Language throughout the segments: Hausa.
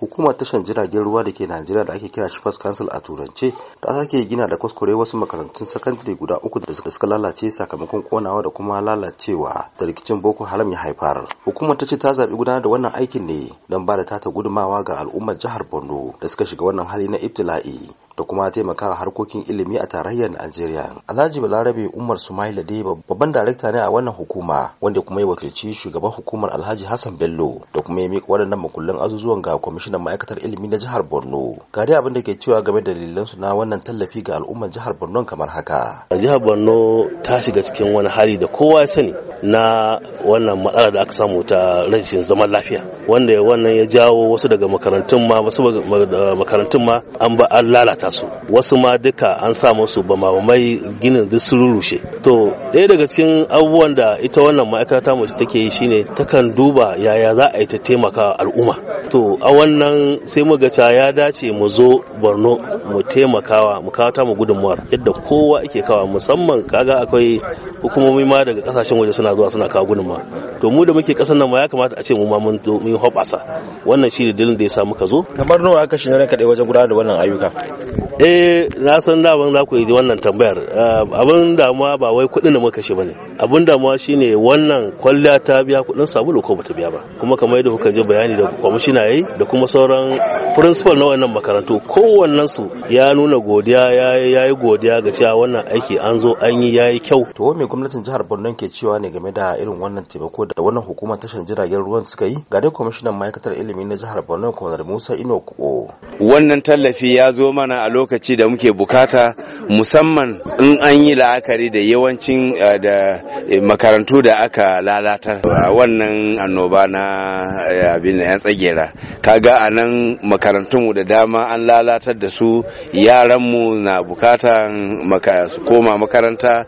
hukumar tashar jiragen ruwa da ke najeriya da ake kira shifas council a turance ta sake gina da kuskure wasu makarantun sakandare guda uku da suka lalace sakamakon konawa da kuma lalacewa da rikicin boko haram ya haifar hukumar ta ce ta zaɓi gudanar da wannan aikin ne don ba da tata gudumawa ga al'ummar jihar borno da suka shiga wannan hali na ibtila'i da kuma taimakawa harkokin ilimi a tarayyar Najeriya. Alhaji Balarabe Umar Sumaila dai babban darakta ne a wannan hukuma wanda kuma ya wakilci shugaban hukumar Alhaji Hassan Bello da kuma ya miƙa waɗannan makullin azuzuwan ga kwamishin kwamishinan ma'aikatar ilimi na jihar borno ga dai abin da ke cewa game da dalilansu na wannan tallafi ga al'ummar jihar borno kamar haka jihar borno ta shiga cikin wani hali da kowa ya sani na wannan matsala da aka samu ta rashin zaman lafiya wanda wannan ya jawo wasu daga makarantun ma wasu makarantun ma an ba an lalata su wasu ma duka an sa musu ba ginin duk sun to ɗaya daga cikin abubuwan da ita wannan ma'aikata mu take yi shine takan duba yaya za a yi ta taimaka al'umma to a wannan nan sai mu ga ya dace mu zo borno mu taimakawa mu kawo ta mu gudunmuwar yadda kowa ake kawa musamman kaga akwai hukumomi ma daga kasashen waje suna zuwa suna kawo gudunmuwa to mu da muke kasar nan ma ya kamata a ce mu ma mun mun hoɓasa wannan shi dalilin da ya sa muka zo kamar nawa aka shi ranka wajen gudanar da wannan ayyuka eh na san da ban za ku yi wannan tambayar eh, abin damuwa ba wai kuɗin da muka shi bane abin damuwa shine wannan kwalliya ta biya kuɗin sabulu ko bata biya ba kuma kamar yadda kuka je bayani da kwamishina yayi da kuma sauran principal na wannan makarantu kowannen su ya nuna godiya ya yi godiya ga cewa wannan aiki an zo an yi ya yi kyau to me gwamnatin jihar Borno ke cewa ne game da irin wannan taimako da wannan hukumar tashar jiragen ruwan suka yi ga dai kwamishinan ma'aikatar ilimi na jihar Borno Kwamar Musa Inoko wannan tallafi ya zo mana a lokaci da muke bukata musamman in an yi la'akari da yawancin eh, da eh, makarantu da aka lalata wannan annoba na eh, abin ya tsagera kaga a nan makarantunmu da dama an lalatar da su yaranmu na bukatan su koma makaranta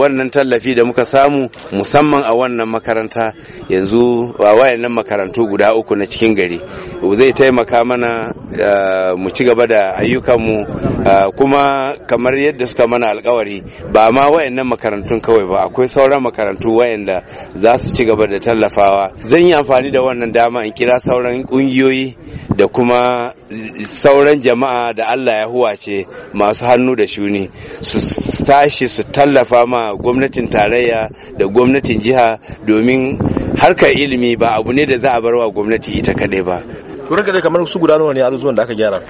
wannan tallafi da muka samu musamman a wannan makaranta yanzu a wayannan makarantu guda uku na cikin gari zai taimaka mana Eh, mu ci gaba da ayyukanmu eh, kuma kamar yadda suka mana alkawari ba ma wayannan makarantun kawai ba akwai sauran makarantu wayanda za su ci gaba da tallafawa zan yi amfani da wannan dama in kira sauran kungiyoyi da kuma sauran jama'a da Allah ya huwace masu hannu da shuni su tashi su tallafa ma gwamnatin tarayya da gwamnatin jiha domin harkar ilimi ba abu ne da za a bar wa gwamnati ita kaɗai ba to ranka dai kamar su guda nawa ne azuzuwan da aka gyara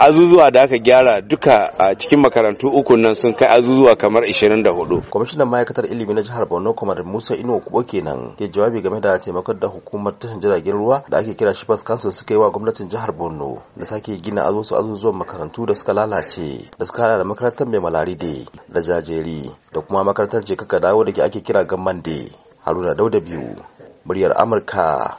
azuzuwa da aka gyara duka a cikin makarantu uku nan sun kai azuzuwa kamar 24 kwamishinan ma'aikatar ilimi na jihar Borno kamar Musa Inuwa Kubo kenan ke jawabi game da taimakon da hukumar tashin jiragen ruwa da ake kira shi Shippers kansu suka yi wa gwamnatin jihar Borno da sake gina azuzu azuzuwan makarantu da suka lalace da suka hada da makarantar Mai Malaride da Jajeri da kuma makarantar Jekaka Dawo da ake kira da Haruna Dauda biyu muryar Amurka